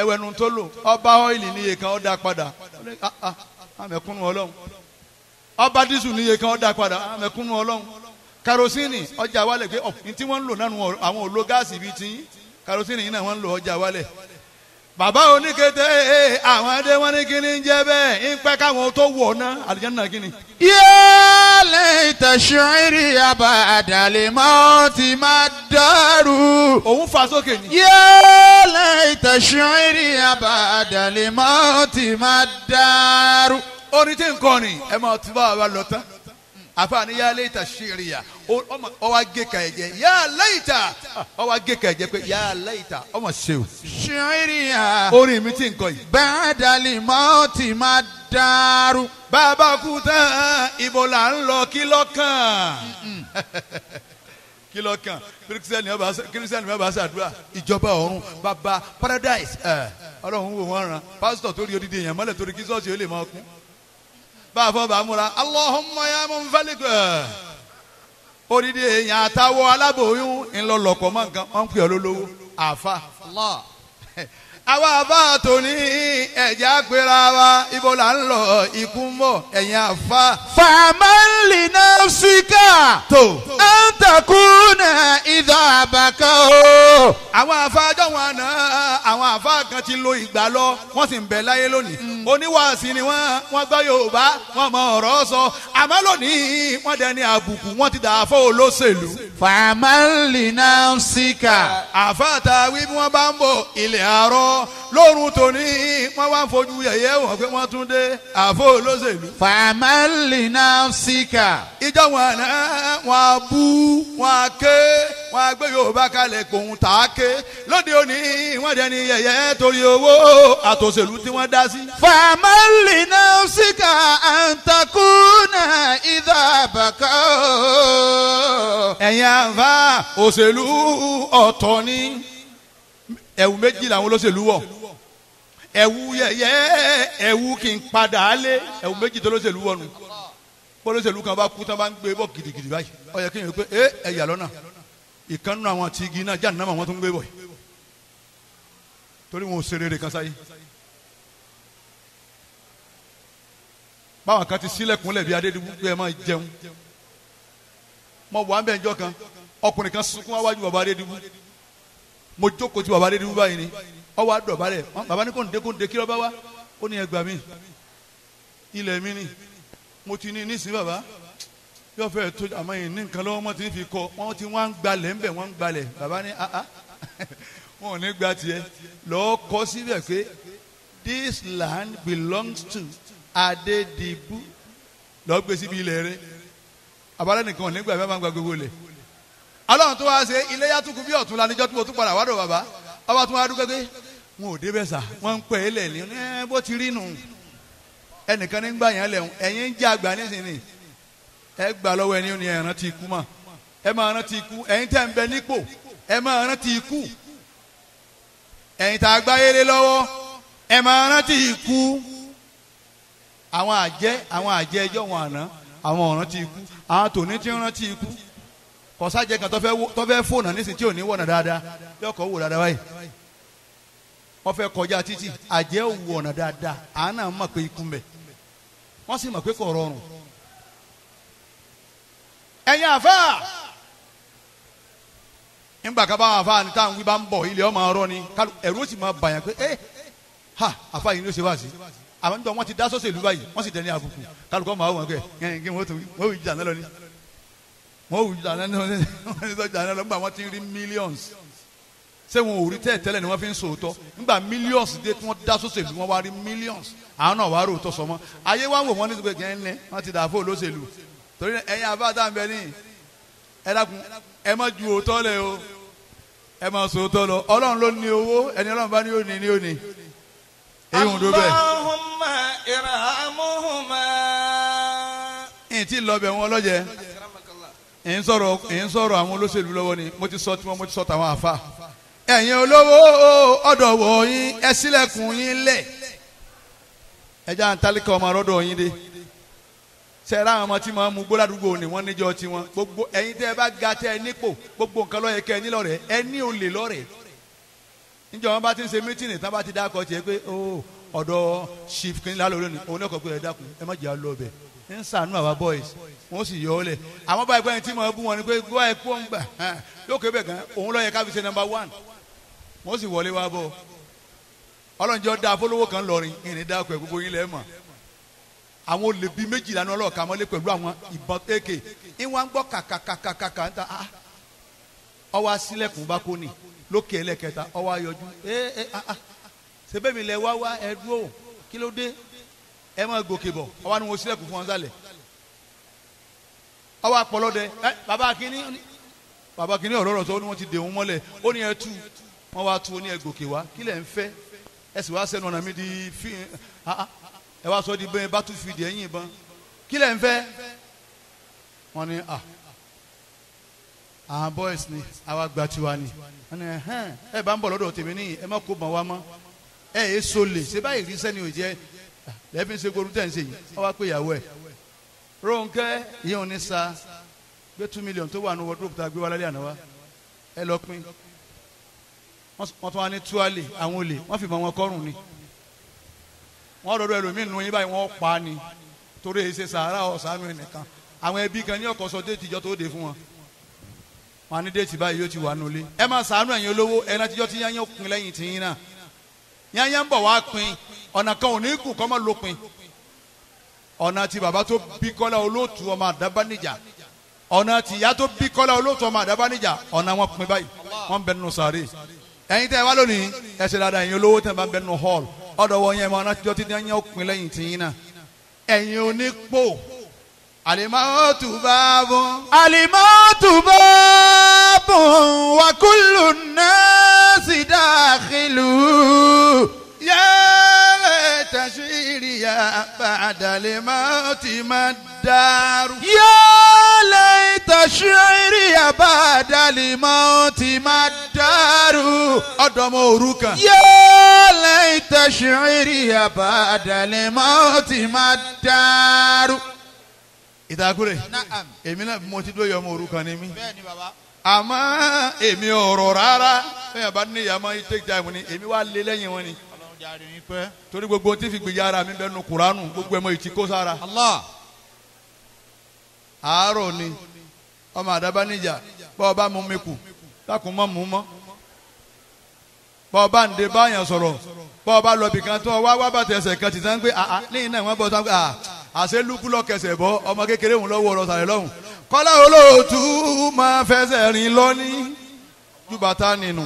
ẹwẹnu tó lò ọba ọ́ìlì níye kan ó padà àmẹ̀kúnnù ah, ah, ọlọ́run ọba dísù níye kan ó padà àmẹ̀kúnnù ọlọ́run karosini ọjà wálẹ̀ pé ọ̀ ní tí wọ́n ń lò náà àwọn òlò bíi ti karosini yìí náà wọ́n ń lò ọjà wálẹ̀ bàbá oníkété àwọn adé wọn ní kíni ń jẹ bẹ́ẹ̀ ń pẹ́ káwọn tó wọ̀ ná àdìjẹ́nu náà kíni. yẹ́lẹ̀ ìtẹ̀síọ́rì àbàdàlẹ̀ máa ti máa dàrú. òun fa sókè ni. yẹ́lẹ̀ ìtẹ̀síọ́rì àbàdàlẹ̀ máa ti máa dàrú. orin tí ń kọ́ ni ẹ máa tún bá wa lọ tán àfààní yà lẹ́yìntà ṣèrè yà ọwọ́ agéka ẹ̀jẹ̀ yà lẹ́yìntà ọwọ́ agéka ẹ̀jẹ̀ pé yà lẹ́yìntà ọmọ ṣe o. ṣèrè yà orin mi ti ń kọ yìí. bẹ́ẹ̀ dalí mọ́ ti máa dàrú. bàbá kú ibo là ń lọ kí lọ́kàn kírísítẹ́nì bá bá ṣàdúrà ìjọba ọ̀run bàbá paradise ọlọ́run wò wọ́n ràn pásítọ̀ tó rí odidi èèyàn mọ́lẹ̀ torí kí sọ́ọ̀sì ó lè máa kún. báfọ bàmúra Allahumma ya munfalik odidi èèyàn àtàwọ alábòóyún ńlọlọkọ mọ nǹkan wọn ń pè àwa àfa tòní ẹ̀já pera wa ibo là ń lọ ikú mọ̀ ẹ̀yìn àfa. fàmálì náà síkà tó ń takùnà ìdá àbàkà o. àwọn àfa wọn náà àwọn àfa kan ti lo ìgbà lọ wọ́n sì ń bẹ láyé lónìí. Mm. oníwàásí ni wọ́n wọ́n gbọ́ Yorùbá wọ́n mọ ọ̀rọ̀ sọ àmọ́ lónìí wọ́n dẹni àbùkù wọ́n ti dà fọ́ olóṣèlú. fàmálì náà síkà. àfa àtàwí bí wọ́n bá ń bọ̀ ilẹ̀ àárọ̀ wọn lórun tòní wọn wá fojú yẹ̀yẹ́ wọn pé wọn tún dé àfọ olóṣèlú. fàmálì náà síkà. ìjọ wọn náà wọn bú wọn ké wọn gbé yorùbá kalẹ̀ kòun tà á ké lóde òní wọn jẹ ní torí owó àtòṣèlú tí wọn dá sí. fàmálì náà síkà àǹtakùnà ìdàbàkà. ẹ̀yin àǹfà òṣèlú ọ̀tọ̀ ni ẹ̀wù méjì làwọn olóṣèlú wọ̀ ẹ̀wù yẹyẹ ẹ̀wù kì í padà lé ẹ̀wù méjì tó olóṣèlú wọ̀ nù olóṣèlú kan bá kú tán bá ń gbé bọ̀ gidigidi báyìí ó yẹ kí n yẹ pé ẹ ẹ̀yà lọ́nà ìkànnù àwọn àti igi náà jáde náà àwọn tó ń gbé bọ̀ yìí torí wọn ò ṣe rere kan sáyé báwọn kan ti sílẹ̀kùnlẹ̀ bíi adédìbò pé ẹ máa jẹun mo wà ń bẹ̀ kan ọkùnrin kan sunkún wájú bàbá adédìbò mo jókòó tí baba adédìbò báyìí ni ọwọ́ àdọ̀bálẹ̀ baba ní kò ń dé ń dé kí lọ́ba wá ó ní ẹgbàá mi ilẹ̀ mi ni mo ti ní nísìn baba yóò fẹ́ tó àmọ́ yìí ní nǹkan lọ́wọ́ wọ́n ti fi kọ́ wọ́n ti wọ́n gbalẹ̀ ń bẹ̀ wọ́n gbalẹ̀ baba ní ah ah wọn ò ní gba tiẹ̀ lọ́ọ́ kọ́ síbẹ̀ pé this land belongs to Adedibu. lọ́ọ́ gbé síbi ilẹ̀ rẹ̀ abalẹ̀ nìkan ò ní gbà bẹ́ẹ̀ máa gba gbogbo ilẹ̀ ọlọ́run tó wá ṣe iléyà tó kù bí ọ̀tún la níjọ́ tó mo tún padà wádò bàbá ọba tó wá dúpẹ́ pé wọn ò débẹ̀ sà wọ́n ń pẹ́ ẹ lẹ̀ ní ẹ bó ti rí nù ẹnìkan ní gbà yẹn lẹ̀hún ẹ̀yin ń jẹ́ àgbà nísìnyí ẹ gbà lọ́wọ́ ẹni ní ẹ̀ràn ti ikú mà ẹ máa rántí ikú ẹ̀yin tẹ̀ ń bẹ nípò ẹ máa rántí ikú ẹ̀yin tá a gbá yẹlé lọ́wọ́ ẹ máa rántí ikú àwọn àjẹ́ àwọn àjẹ́ ẹjọ́ wọn àná àwọn ọ̀rántí ikú àwọn tòní ti rántí ikú kọsájẹ kan tọfẹ fóònù nísìnyí tí ò ní wọnà dáadáa yọkọ wò dáadáa báyìí wọn fẹ́ kọjá títì àjẹ òwò dáadáa àánà mọ̀ pé ikú mbẹ wọn sì mọ̀ pé kò rọrùn ẹ̀yin àfáà nígbà kan báwọn àfáà ní táwọn wí bá ń bọ̀ ilé ọmọ ọ̀rọ̀ ni ẹ̀rù ó sì máa bàyàn pé ẹ eh, ha àfáà yìí ló ṣe àwọn wọn ti dá ìlú báyìí sì dẹni àbùkù máa wọ̀ kẹ́ ni. wọ́n wù jàná ní wọ́n ní sọ́jà náà lọ́gbà wọ́n ti rí millions ṣé wọn ò rí tẹ́ẹ̀ tẹ́lẹ̀ ni wọ́n fi ń sòótọ́ nígbà millions dé tí wọ́n dá sóṣèlú wọn wá rí millions àwọn náà wá rò tó sọmọ ayé wa ń wò wọ́n ní sọ́jà ẹ̀ ń lẹ́ wọ́n ti dà fún olóṣèlú torí ẹ̀yin abáta ń bẹ ní ẹ dákun ẹ má ju òótọ́ lẹ̀ o ẹ má sòótọ́ lọ ọlọ́run ló ní owó ẹni ọlọ́run bá ní ó ní ní ó ní èyí ò ń dó bẹ́ẹ̀. Allahumma irhamuhuma. ìtì lọ bẹ̀ wọn lọ́jẹ̀ẹ́ ẹ̀ ń sọ̀rọ̀ ẹ̀ ń sọ̀rọ̀ àwọn olóṣèlú lọ́wọ́ ni mo ti sọ tiwọn mo ti sọ tàwọn àfa ẹ̀yin olówó ọ̀dọ̀ wọ̀ yín ẹ sílẹ̀kùn yín lẹ̀ ẹja àǹtálíkà ọmọ ọ̀rọ̀dọ̀ yín dé sẹ́ẹ̀rẹ́ àwọn ọmọ tí wọ́n mú gbó ládùúgbò ni wọ́n níjọ tiwọn gbogbo ẹ̀yin tẹ́ ẹ bá ga tẹ́ ẹ nípò gbogbo nǹkan lọ́yẹ kẹ́ ẹ ní lọ́rẹ̀ ẹ ní olè lọ́rẹ̀ níjọ bá ti ń ṣe oh, chief kìnìún lálẹ́ olóòní òun náà kọ̀ pé ń sànú àwa boys wọn sì yọ ọ lẹ àwọn báyìí báyìí tí mo bú wọn ni pé gbọ́ ẹ bẹ̀ gan òun yẹ ká number one wọn sì wọlé wa bọ̀ ọlọ́njọ́ da kan lọ́rin dáko ẹ̀ gbogbo yín lẹ́ mọ̀ àwọn olè bíi méjìlá ní ọlọ́ọ̀ka mọ́lé pẹ̀lú àwọn ìbọn ìwọ̀n ń gbọ́ kàkàkàkàkà ń ta ah, ah. ọwọ́ eh, eh, ah, mi lẹ wá wá ẹ ẹ máa gòkè bọ̀ ọwọ́ ni wọ́n sílẹ̀kùn fún wọn sálẹ̀ ọwọ́ àpọ̀lọ́dẹ ẹ bàbá kínní bàbá kínní ọ̀rọ̀ ọ̀rọ̀ sọ ni wọ́n ti dè wọ́n mọ́lẹ̀ ó ní ẹ tú wọ́n wá tú ó ní ẹ gòkè wá kí lẹ̀ ń fẹ́ ẹ sì wá sẹ́nu ọ̀nà mi di fi ẹ wá sọ di bẹ́ẹ̀ bá tún fi dì ẹ̀yìn ìbọn kí lẹ̀ ń fẹ́ wọ́n ní à ah, àwọn boys ni àwa gba tiwa ni wọ́n ní ẹ bá ń bọ̀ lọ́dọ̀ tèmi níyì ẹ má kó bọ̀ wá mọ́ ẹ èso lè ṣe báyìí rí sẹ́ni ò jẹ́ lẹ́bí ṣe gorun tẹ̀sí yìí ọ wá pé ìyàwó ẹ̀ Rónkẹ́ ìyẹn ò ní sa gbé two million tó wà ní wọ́dúrópù tá a gbé wá lálẹ́ àná wa ẹ lọ pín wọ́n tún wá ní túwálì àwọn olè wọ́n fìbọn wọn kọ́rùn ni wọ́n rọrọ ẹlòmíín nù yín báyìí wọ́n pa á ni torí èyí ṣe sàárà ọ̀sánú ẹnìkan àwọn ẹbí kan ní ọ̀kọ́sọ déètì ìjọ tó dé fún wọn wọn á ní déètì báyìí yóò ti wà nulẹ̀ ẹ máa sàánú ẹ̀yin olówó ẹ̀ náà tíjọ́ tí yányán kún lẹ́yìn tìyín náà yányán bọ̀ wá pin ọ̀nà kan ò ní kù kọ́ mọ́ lópin ọ̀nà ti bàbá tó bí Kọ́lá Olóòtú ọmọ Àdábánijà ọ̀nà ti ìyá tó bí Kọ́lá Olóòtú ọmọ Àdábánijà ọ̀nà wọn pin báyìí wọn bẹ nínú sàárè ẹ̀yin tẹ́ ẹ wá lónìí ẹ ṣe dáadáa olówó tẹ́ ẹ bá bẹ nínú hall ọ̀dọ̀ wọ yẹn mọ ọ̀nà tíjọ́ tí yẹn ó pin lẹ́yìn tìyín náà ẹ̀yin onípò àlèmọ́tù bá bùn. àlèmọ́tù bá bùn wàkúlù náà sì yẹ́ẹ́. الحياة بعد الموت ما الدار يا ليت شعري بعد الموت ما الدار أدم أوروكا يا ليت شعري بعد الموت ما الدار ìdákúrè èmi náà mo ti dó yọmọ òrukàn ni mí àmọ́ èmi ọ̀rọ̀ rárá fẹ́yìn bá ní ìyá máa ń tẹ́jà mu ni jàre yín pẹ́. torí gbogbo tí fi gbìyà ara mi bẹnu kuranu gbogbo ẹmọ ìtì kó sára. Allah. àárọ̀ ni ọmọ àdábá níjà bá ọba mú mi kù dákun mọ́ mú mọ́ bá ọba ń de báyàn sọ̀rọ̀ bá ọba lọ bìkan tó wá wá bàtẹ̀ ẹsẹ̀ kan tìtàn pé lẹ́yìn náà wọ́n bọ̀ sáà ah àṣẹ lukú lọ́kẹsẹ̀ bọ́ ọmọ kékeré òun lọ́wọ́ ọ̀rọ̀ lọ́hùn kọ́lá olóòtú máa fẹsẹ̀ rìn lọ́ní jùbàtà nínú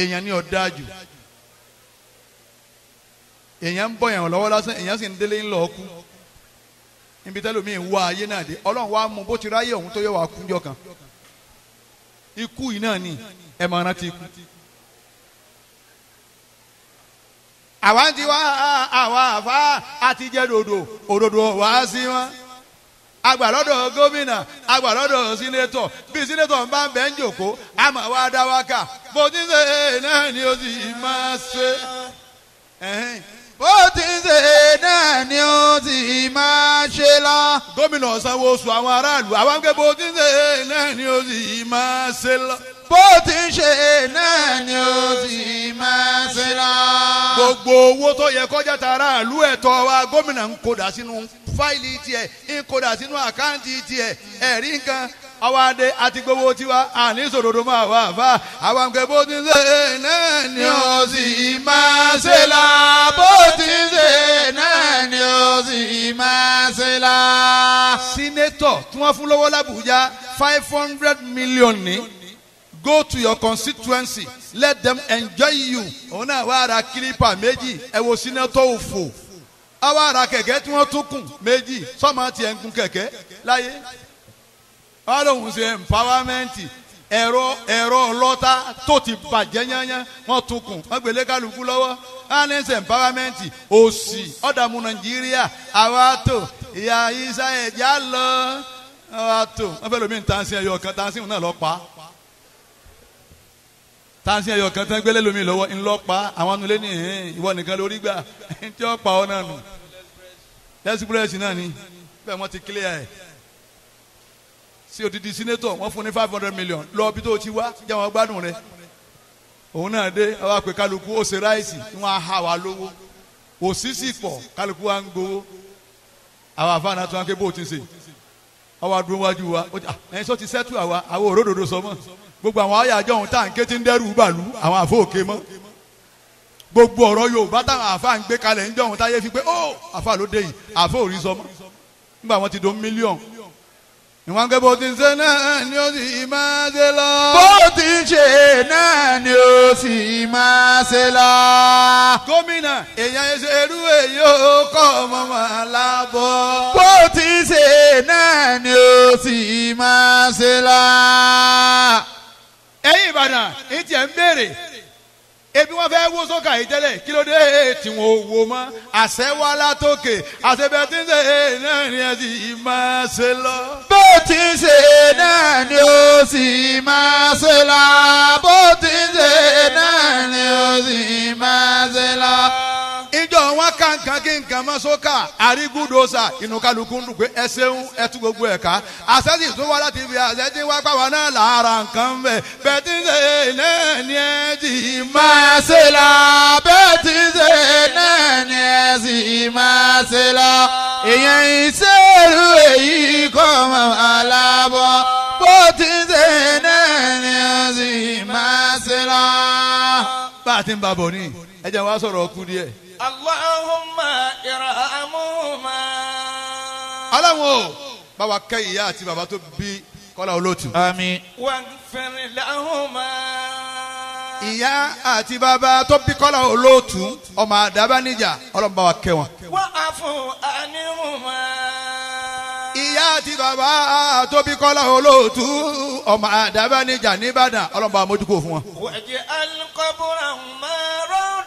èèyàn ní ọ̀dá jù èèyàn ń bọ̀ yàn lọ́wọ́ lásán èèyàn sì ń délé ńlọ kú níbi tẹ́lómiì wá ayé náà dé ọlọ́run wá mú bó ti ráyè òun tó yẹ wá kú jọ ikú yìí náà ni ẹ máa rántí ikú. àwa ti wá àwa àfa àti jẹ́ dòdò òdòdó wá sí wọn agbàlọ́dọ̀ gómìnà agbàlọ́dọ̀ sínétọ̀ bí sínétọ̀ ń bá ń bẹ́ ń jòkó a máa wá dá bó ti ṣe náà ni ó sì máa ṣe bó ti ń ṣe náà ni ó ti máa ṣe lọ. gómìnà sanwó oṣù àwọn aráàlú àwọn akẹ́kẹ́ bó ti ń ṣe náà ni ó ti máa ṣe lọ. bó ti ń ṣe náà ni ó ti máa ṣe lọ. gbogbo owó tó yẹ kọjá ta aráàlú ẹ̀tọ́ wa gómìnà ń kódà sínú fáìlì tiẹ̀ ń kódà sínú àkáǹtì tiẹ̀ ẹ̀rí nǹkan àwa adé àti gbogbo tiwa àní sòdodo máa wà fà àwa nǹkan bó ti ń ṣe náà ni ó sì máa ṣe la bó ti ń ṣe náà ni ó sì máa ṣe la. sínétọ̀ tí wọ́n fún lọ́wọ́ làbújá five hundred million ní go to your constituency let them enjoy you òun náà wá ara kílípà méjì ẹ wo sínétọ̀ òfò àwa ara kẹ̀kẹ́ tí wọ́n tún kùn méjì sọ́mọ́ tiẹ̀ ń gun kẹ̀kẹ́ láyé wọ́n lòun ṣe empowerment ẹ̀rọ ẹ̀rọ ọlọ́ta tó ti bàjẹ́ yányán wọ́n tún kùn wọ́n gbélé kálukú lọ́wọ́ harness empowerment òsì ọ̀dàmú nàìjíríà àwa tó ìyá isa ẹ̀já lọ àwa tó wọ́n fẹ́ lómi ní tansi ẹ̀yọ kan tansi náà lọ pa tansi ẹ̀yọ kan tán gbélé lómi lọ́wọ́ ńlọ pa àwọn anulẹ̀ ní ìwọ nìkan lórí gbà tí ó pa ọ náà nù lẹ́sìpírẹ́sì náà ni bẹ́ẹ̀ wọ́n ti kílẹ̀ ẹ̀ sí odidi sínétọ̀ wọ́n fún ní five hundred million lọ bí tó ti wá jẹ́ wọn gbádùn rẹ̀ òun náà dé àwa pé kálukú ó ṣe ráìsì tí wọ́n wa lówó òṣìṣì pọ̀ kálukú wa ń gbowó àwa àfáàná tí wọ́n ké bó o ti ṣe àwa dúró wájú wa ẹ̀yin sọ ti sẹ́tù ah, àwa àwọn òródòdó sọ mọ́ gbogbo àwọn àyájọ́ ohun tá à ń ké tí ń dẹ́rù bàlú àwọn àfọ òkè mọ́ gbogbo ọ̀rọ̀ Yorùbá táwọn àfa ń gbé kalẹ̀ ń jọ ohun táyé fi pé ó oh, àfa ló yìí àfọ òrí sọ mọ́ wọn ti do mílíọ̀nù ìwọ̀n kẹ́ bó ti ṣe náà ni ó sì máa ṣe lọ. bó ti ṣe náà ni ó sì máa ṣe lọ. gómìnà èèyàn ìṣerú èyí ò kọ́ ọmọ màá lábọ́. bó ti ṣe náà ni ó sì máa ṣe lọ. ẹ̀yin Ìbàdàn ìtì ẹ̀ ń béèrè ebi wọn fẹ́ wó sókà yìí tẹ́lẹ̀ kí ló dé tí wọn ò wò mọ́ àṣẹwá látòkè àṣẹbẹ tí ń ṣe é náà ni ẹ sì máa ṣe lọ. bó ti ń ṣe náà ni ó sì máa ṣe lọ bó ti ń ṣe náà ni ó sì máa ṣe lọ mọ́ sókà àrígúdòsà ń dùn pé ẹ gbogbo ẹ̀ àṣẹ́sì tó wá láti fi àṣẹ́sì wá pàwọ́ náà lára nǹkan bẹ̀ bẹ́ẹ̀ tí ṣe náà ni ẹ ti máa ṣe la bẹ́ẹ̀ tí ṣe náà ni ẹ sì máa ṣe la èèyàn ìṣèlú èyí kọ́ mọ́ alábọ̀ bó ti ṣe náà ni ẹ sì máa ṣe la. bá a ti ń babọ̀ ni ẹ jẹ́ wá sọ̀rọ̀ ọkùnrin díẹ̀. Allahumma aláwọn o bá wa kẹ́ ìyá àti bàbá tó bí kọ́lá olóòtú. àmín. wà á fẹ́rẹ̀ láhùn máa. ìyá àti bàbá tó bí kọ́lá olóòtú ọmọ àdàbà níjà ọlọ́run bá wa kẹ́ wọn. wà á fún àníhùn máa. ìyá àti bàbá tó bí kọ́lá olóòtú ọmọ àdàbà níjà nìbàdàn ọlọ́run bá wa mójúkó fún wọn. wàjẹ́ alukọ́bùrà máa rọ́.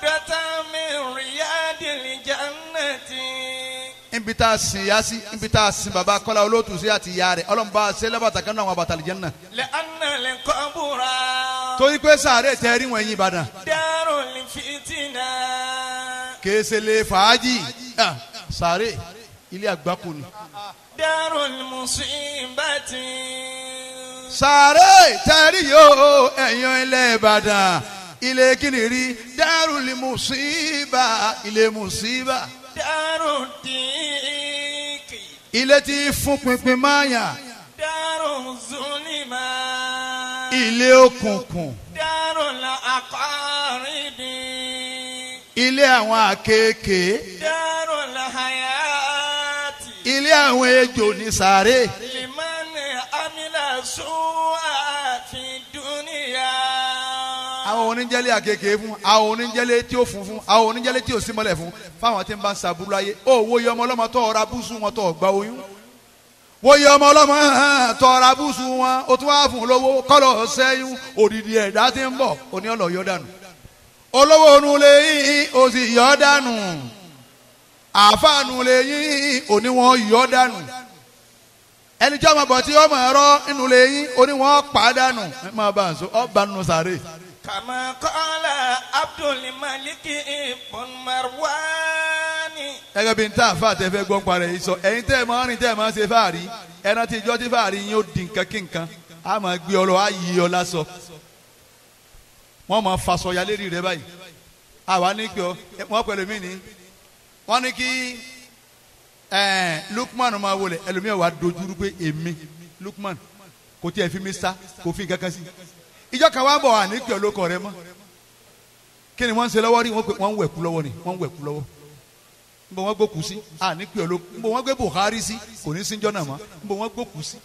níbi tá a sin ya sí níbi tá a sin baba kọ́lá olóòtú sí àti ìyá rẹ̀ ọlọ́run bá a ṣe lẹ́bàtà kan náà àwọn àbàtà àlìjẹ́ náà. lẹ́ àná lè kọ́ búra. torí pé sàárè tẹ rí wọn yín ìbàdàn. dárò lè fìtínà. kèsè fàájì sàárè ilé àgbákò ni. dárò lè musibati. sàárè tẹ rí yóò ẹ̀yàn ilẹ̀ ìbàdàn ilé kìnìrí dárò lè musiba ilé musiba dárò dínkì. ilé tí fún pinpin máa yàn. dárò zulima. ilé òkùnkùn. dárò la àkọ́rìbì. ilé àwọn àkekèé. dárò la hayati. ilé àwọn ejò ní sàárè. limani amila suwa àwọn oníjẹ́lẹ̀ àkekèé fún àwọn oníjẹ́lẹ̀ tí ó fún fún àwọn oníjẹ́lẹ̀ tí ó sì mọ́lẹ̀ fún fáwọn tí ń bá ń sàbúrú ayé ó wo iye ọmọ ọlọ́mọ tó ọ̀ra búùsù wọn tó ọ̀gbà oyún wo iye ọmọ ọlọ́mọ eh, tó ọ̀ra búùsù wọn ó tún wá fún olówó kọ́lọ̀ sẹ́yìn òdìdí ẹ̀dá tí ń bọ̀ òní ọ̀lọ́ yọ dànù olówó onúlé yín ó sì yọ dànù àfàànù lè yín yọ dànù ẹni tí ọmọ bọ̀ tí ọmọ ẹ̀rọ inú lè yín òní pàdánù ẹ máa bá a sọ ọ bá nù sáré. Kama kàmá kọ́lá abdulmalik ibn marwani. gẹ́gẹ́ bí n tá àfa àtẹ̀fẹ́ gbọ́n parẹ́ yìí sọ ẹ̀yin tẹ́ ẹ máa rìn tẹ́ ẹ máa ṣe fáàrí ẹran tí ìjọ́ tí fáàrí yín ó di nǹkan kí nǹkan á máa gbé ọ lọ á yí ọ lásọ wọ́n máa faṣọ ya lérí rẹ báyìí ní pé ọ wọ́n mi ní wọ́n ní kí lukman máa wọlé ẹlòmíràn wàá dojúrú pé èmi lukman kò tiẹ̀ fi mi sá kò fi nǹkan kan ìjọ kan wá bọ̀ àní pẹ̀ olóko rẹ mọ́ kí ni wọ́n ń ṣe lọ́wọ́ rí wọ́n pé wọ́n ń wẹ̀kú lọ́wọ́ ni wọ́n ń wẹ̀kú lọ́wọ́ nbọ wọn gbókù sí àní pẹ̀ olóko nbọ wọn gbé Buhari sí kò ní síjọ́ náà mọ́ nbọ wọn gbókù sí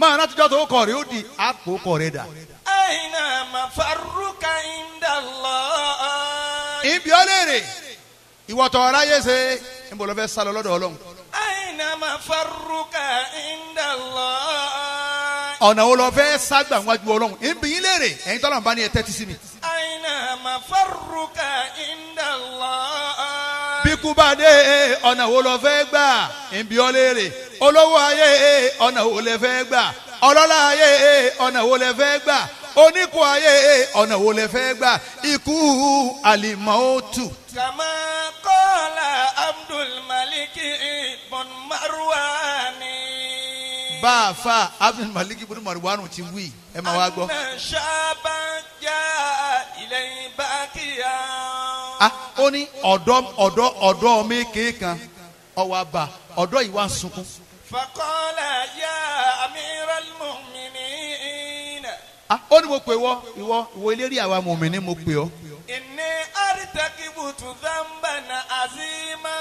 máa náà tijọ́ tó kọ̀ rẹ ó di àpò kọ̀ rẹ dà. àyìnà màfarúkà ìndàlọ́. ìbí ọlẹ́rẹ̀ ìwọ̀tọ̀ ọ̀ráyé ṣe nbọ̀lọ́fẹ́ sálọ lọ́dọ̀ Ọlọ́run. àyìnà màfarúkà ìndàlọ́ ọ̀nà wo lọ fẹ́ ságbà wájú ọlọ́run èmi yín léèrè ẹ̀yin tọ́lọ̀ bá ní ẹ tẹ́tí sí mi. àyìnà màfàrúkà ìndàlá. bíkú bá dé ọ̀nà wo lọ fẹ́ gbà èmi ọ léèrè olówó ayé ọ̀nà wo lẹ fẹ́ gbà ọlọ́lá ayé ọ̀nà wo lẹ fẹ́ gbà oníkó ayé ọ̀nà wo lẹ fẹ́ gbà ikú àlìmọ́ọ́tù. kàmá kọ́lá abdulmaliki. bá àfa abdul malik ibn marwan ti wí ẹ máa wá gbọ́. Ah, ó ní ọ̀dọ́ ọ̀dọ́ ọ̀dọ́ méke kan ọwọ́ àbà ọ̀dọ́ yìí wá ń sunkún. faqala ya amiral mu'minin. a ah, ó ní mo pè wọ ìwọ ìwọ eléré àwa mùmìnì mo pè ọ. inni artakibutu dhanban azima.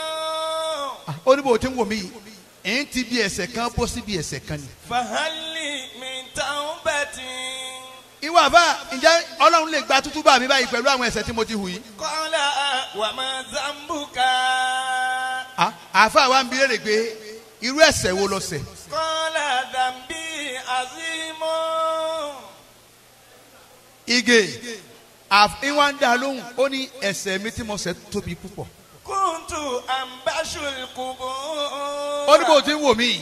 Ah, ó ní bò ó ti ń wò mí yìí ẹ̀ ń ti bí ẹsẹ̀ kan bọ́ sí bí ẹsẹ̀ kan ni. fàhálì mi táwọn bẹ̀ tí. ìwà àbá ǹjẹ́ ọlọ́run lè gba tútú bá mi báyìí pẹ̀lú àwọn ẹsẹ̀ tí mo ti hù yìí. kọ́lá wà má zambuka. àáfà wa ń bi léèrè pé irú ẹsẹ̀ wo lọ kọ́lá dàbí àzímọ́. igè ìwà ń dá lóhùn ó ní ẹsẹ̀ mi tí mo ṣẹ̀ tóbi púpọ̀. kúntù àǹbáṣul kùbọ̀ ó ní bó ti ń wò mí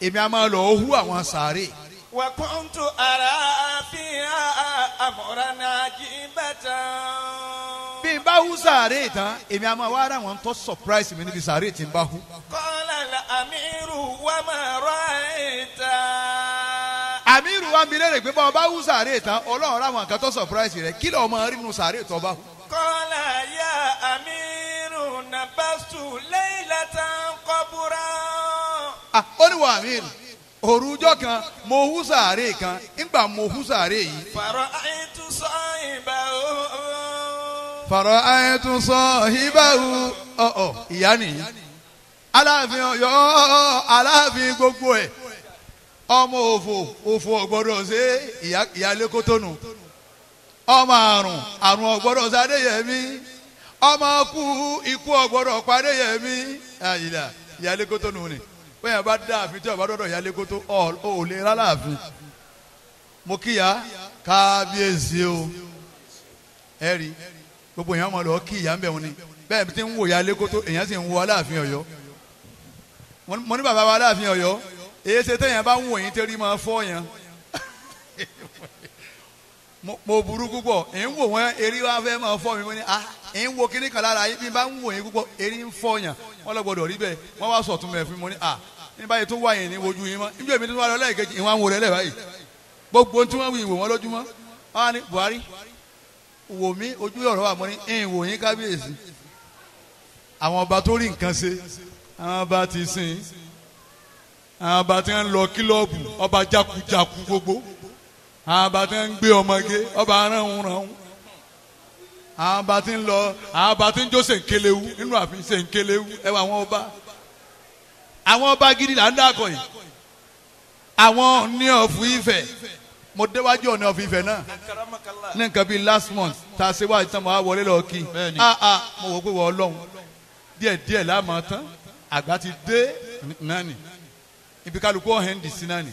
èmi a máa lọ hu àwọn sàárè. wà á kún tó ara fi àmọ́ra náà jí bàtà. bí n bá hu sàárè tán èmi a máa wá ara wọn tó surprise mi níbi sàárè tí n bá hu. kọ́lá àmírù wà máa rọ ẹ̀ta. àmírù wa ń bi léèrè pé bọ́n bá hu sàárè tán ọlọ́run ra wọn kan tó surprise rẹ̀ kí lọ́ọ́ máa rí nu sàárè tó bá hu. kọ́lá yá àmírù nàbàṣù lẹ́yìn látàn. a ah, ó ní wàá mi kan mo hu sàárè kan ńgbà mo hu sàárè yìí. fàrọ ayé tún sọ ìbá o. fàrọ ayé tún sọ ìbá o. ìyá nìyí aláàfin aláàfin gbogbo ẹ̀ ọmọ òfò òfò ọgbọdọ, ṣe ìyá ọmọ àrùn àrùn ṣe adéyẹmí. ọmọ kú ikú ọgbọdọ parí yẹmí àyìnlá ìyálé kótó nù ni bẹ́ẹ̀ yẹn bá dá àfin tí ọba dọ̀dọ̀ ìyálé kótó ọ̀ ò lè rálá àfin mo kíyà kábíyèsí o ẹ rí gbogbo èèyàn máa lọ kí ìyá ń bẹ̀ wọn ni bẹ́ẹ̀ tí ń wò ìyálé èèyàn sì ń wo aláàfin ọ̀yọ́ mo ní bàbá wa aláàfin ọ̀yọ́ èyí ṣe téèyàn bá ń wò yín tẹ́rí máa fọ́ yẹn. mo burú púpọ̀ ẹ̀ ń wò wọ́n eré wa fẹ́ máa fọ́ mi mo ní ah ẹ̀ ń wo kíní kan lára yìí bí n bá ń wò yín púpọ̀ eré ń fọ́ wọ́n lọ gbọ́dọ̀ rí bẹ́ẹ̀ wọ́n wá sọ̀tún mẹ́ mo ní ah ní báyìí tó wà yẹn ní wojú yín mọ́ níbi èmi tó wà lọ lẹ́ẹ̀kejì ìwọ̀n àwọn òrẹ́lẹ̀ báyìí gbogbo tí wọ́n wù ìwò wọn lójúmọ́ wọ́n á ní Buhari wò mí ojú ọ̀rọ̀ wà mo ní ìwò yín kábíyèsí àwọn ọba tó rí nǹkan ṣe àwọn ọba ti sìn àwọn ọba ti ń lọ kílọ̀bù ọba jákujáku gbogbo àbàtí ń gbé ọmọge ọba aráhùn ráhùn àbàtí ń lọ àbàtí ń jó sèǹkéléwu nínú àfin sèǹkéléwu ẹ wà àwọn ọba àwọn ọba gidi là ń dàkọ yìí àwọn ní ọ̀fù Ifẹ̀ mo déwájú ọ̀nà ọ̀fù Ifẹ̀ náà ní nǹkan bíi last month tá a ṣe wá ìtàn mọ́ a wọlé lọ kí a a ah, ah, mo wò pé wọ́n ọlọ́run díẹ̀ díẹ̀ láàmú tán àgbà ti dé náà nì ibi kálukú ọ̀hẹ́ndì sí náà nì.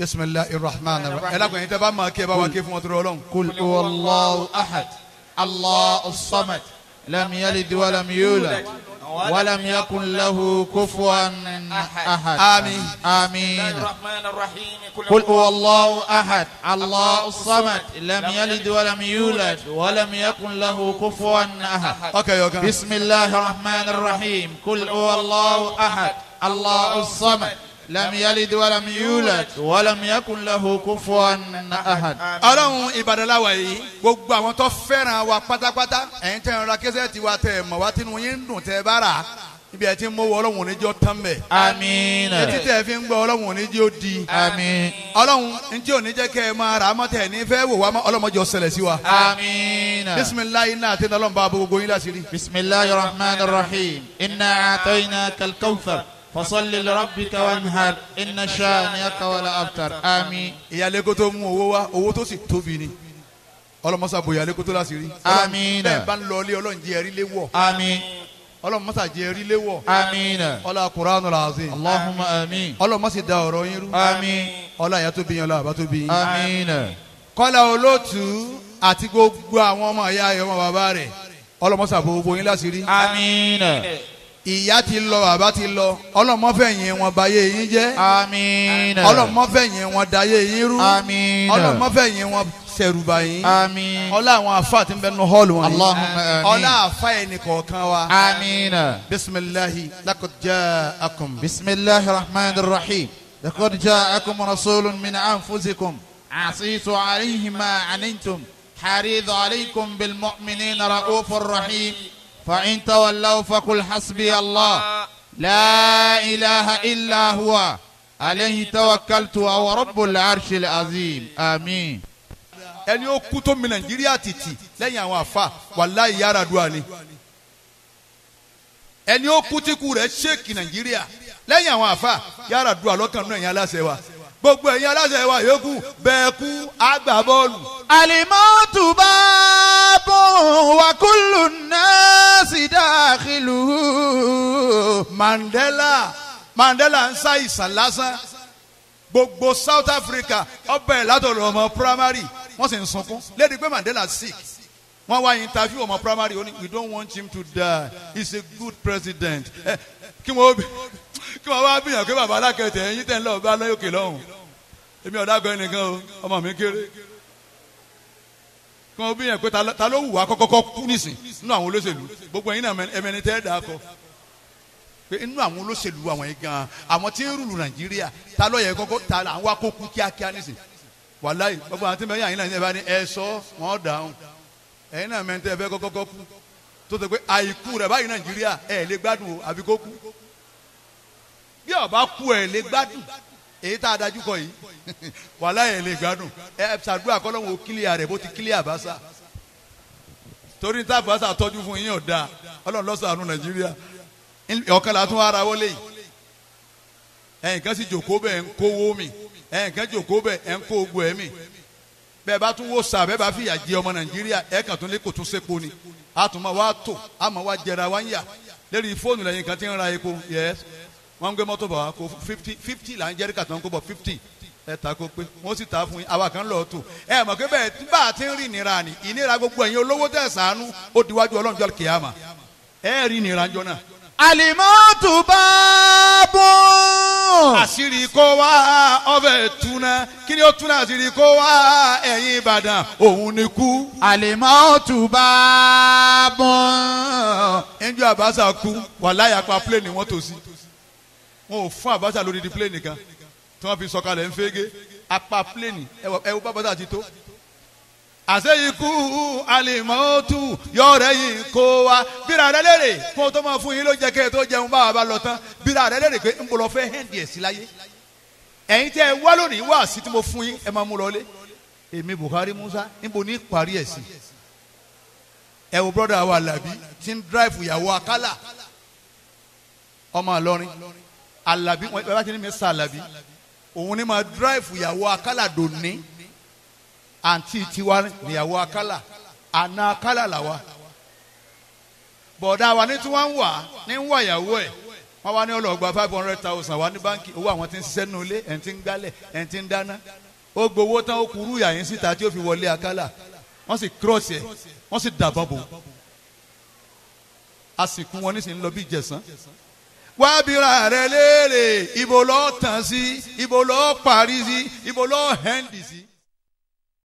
بسم الله الرحمن الرحيم قل هو الله احد الله الصمد لم يلد ولم يولد ولم يكن له كفوا احد امين امين قل هو الله احد الله الصمد لم يلد ولم يولد ولم يكن له كفوا احد بسم الله الرحمن الرحيم قل هو الله احد الله الصمد lam yalid walam yulad walam yakun له kufuwan ahad. ọlọ́run ìbàdàlà wa yìí gbogbo àwọn tó fẹ́ràn wa pátápátá ẹ̀yin tẹ́ ń ra kẹ́sẹ́ẹ̀tì wa tẹ́ mọ̀ wá tínú yín ń dùn tẹ́ bá rà ibi ẹ̀ tí ń mú wọ ọlọ́run oníjọ́ tán bẹ̀. àmín. etí tẹ̀ fi ń gbọ́ ọlọ́run oníjọ́ di. àmín. ọlọ́run ntí ò ní jẹ́ kẹ́ ẹ máa rà á mọ́tẹ́ ní fẹ́ wò wá ọlọ́mọjọ́ ṣẹlẹ̀ sí wa. àmín. bisimilayi náà àti ọlọ́run bá gbogbo yín láṣìírí. bisimilayi rahman rahim inna atayna kalkawfar fasalli lirabbika wanhar inna shaniyaka wal abtar àmín. ìyálégó tó mú owó wá owó tó sì tóbi ni ọlọmọsà bòyá lẹkọtọ láti rí. amiina bẹẹ bá ń lọ ilé Ọlọ́run jẹ ẹrí léwọ. ami ọlọmọsà jẹ ẹrí léwọ. amiina ọlọ kuranu laazim. alahuma ami. ọlọmọsì da ọ̀rọ̀ yín rú. ami ọlọ àyà tó bí yín ọlọ àbá tó bí yín. amiina. àti gbogbo àwọn ọmọ ìyá ẹ̀ ọmọ bàbá rẹ̀ ọlọmọsà bò bò yín láti rí. amiina ìyá ti lọ bàbá ti lọ ọlọmọfẹyìn wọn bayé yín jẹ́ àmín ọlọmọfẹyìn wọn dayé yín rú àmín ọlọmọfẹyìn wọn sẹrùbà yín àmín ọlá àwọn afa ti ń bẹ nínú hall wọn yìí ọlá afa yẹn ni kọ̀ọ̀kan wa àmín bisimilahi laqad ja'akum. bisimilahi rahman rahim laqad ja'akum rasulun min anfusikum asiitu alayhi ma anintum haridu alaykum bilmu'minina ra'ufur rahim. فإن تولوا فقل حسبي الله لا إله إلا هو عليه توكلت وهو رب العرش العظيم آمين ẹni ó kú tó mi nàìjíríà títì lẹ́yìn àwọn àfa wàláì yára dùá ni ẹni ó kú tí rẹ̀ ṣéèkì nàìjíríà lẹ́yìn àwọn àfa yára dùá lọ́kàn náà yẹn aláṣẹ wa gbogbo ẹ̀yin aláṣẹ wa yòókù bẹ́ẹ̀ kú àgbà bọ́ọ̀lù. àlìmọ́tù bá bọ̀ wá kúlù náà sì dáàkìlù. Mandela Mandela ń sá ìsàn lásán gbogbo South Africa ọbẹ̀ látọ̀rọ̀ ọmọ primary wọ́n sì ń sunkún lédi pé Mandela sick wọ́n wá interview ọmọ primary ó we don't want him to die he's a good president eh, kí wọ́n ó kí wọ́n wá bìyàn pé bàbá alákẹ̀tẹ̀ ẹ̀yìn tẹ̀ ń lọ bá lókè lọ́hùn èmi ọ̀dàgọ́ ẹnìkan o ọmọ mi kéré kí wọ́n bìyàn pé ta ló wù wá kọ́kọ́kọ́ kú nísìn nínú àwọn olóṣèlú gbogbo ẹ̀yin náà ẹ̀mẹ́ni tẹ́ dà kọ́ pé inú àwọn olóṣèlú àwọn yìí gan àwọn tí ń rúlu Nàìjíríà ta ló yẹ kọ́kọ́ ta là ń wá kó kú kíákíá nísìn wàláyé gbogbo àwọn mẹ́rin àyìn náà ní ẹ sọ ẹ̀ lè gbádùn bí ọba kú ẹ lè gbádùn èyí tá a dájú kọ yìí wàhálà ẹ lè gbádùn ẹ ṣàdúrà kọlọ́hún ó kílíà rẹ̀ bó ti kílíà bá sà torí tá a bá sà tọ́jú fún yín ọ̀dà ọlọ́run lọ́sàánú nàìjíríà ọ̀kan là tún ara wọlé yìí ẹ̀yìn kan sì jòkó bẹ́ẹ̀ ń kówó mi ẹ̀yìn kan jòkó bẹ́ẹ̀ ẹ̀ ń kó ogbó ẹ̀ mi bẹ́ẹ̀ bá tún wò sà bẹ́ẹ̀ bá fìyà jẹ ọmọ nàìjíríà ẹ̀ kàn tún lé kò tún sépo ni àtùmọ̀ wa tò àmọ̀ wa jẹra wa ń yà lérí fóònù lẹ́yìn kan ti ń ra epo yẹ́sì wọ́n ń gbé mọ́tò bọ̀ wá kó fifty fifty là ń jẹ́ríkà tán kó bọ̀ fifty ẹ ta ko pé wọ́n sì ta fún yín àwa kan lọ́ọ́ tó ẹ mọ̀ pé bẹ́ẹ̀ tí bá a ti ń rí ìnira ni ìnira gbogbo ẹ̀yin olówó tẹ̀ sànú ó di wájú ọlọ́run jọ́ kìámà ẹ rí ìnira jọ náà. àlìmọ́tò bá bọ́. àṣírí kó wá ọbẹ̀ túná kí ni ó túná àṣírí kó wá ẹ̀yin ìbàdàn òun ni kú. àlìmọ́tò bá bọ́. ẹnjú àbáṣà kú wàláyà pa plẹ̀ ni wọ́n sí wọn ò fún Abacha lórí di plane kan tí wọ́n fi sọ̀kalẹ̀ ń fege apá plane ẹ wo bàbá ti tó. àṣeyìkú alimọ́tù yọ̀ọ̀rẹ́ yìí kó wa bíra rẹ lérè kó o tó máa fún yín ló jẹ kẹ́ ẹ tó jẹun bá a bá lọ tán bíra rẹ lérè pé ń bọ̀ lọ fẹ́ hẹ́ndì ẹ̀ sí láyé ẹ̀yin tẹ́ ẹ wá lónìí wá sí tí mo fún yín ẹ máa mú lọ lé èmi Buhari Musa níbo ní parí ẹ̀ sí ẹ wo brọ́dà wa làbí tí ń dráìfù ìyàwó akálà ọmọ àlọrin alabi wọn bá ti ní mr alabi òun ni máa drive ìyàwó akálà dòní àǹtí tiwa níyàwó akálà àna akálà làwa bọ̀dá wa ní tí wọ́n ń wà ní ń wà ìyàwó ẹ̀ wọ́n wá ní ọlọ́gba five hundred thousand wá ní báńkì owó àwọn tí ń ṣiṣẹ́ nínú ilé ẹ̀ ń ti ń gbálẹ̀ ẹ̀ ń ti ń dáná ó gbowó tán ó kúrú ìyà yín síta tí ó fi wọlé akálà wọ́n sì cross ẹ̀ wọ́n sì dàbọ̀ bò wọn ní sì ń lọ bí ìjẹ̀sán wá bíra rẹ léèrè ibo lọ́ọ́ tàn sí ibo lọ́ọ́ parí sí ibo lọ́ọ́ hẹ́ndì sí.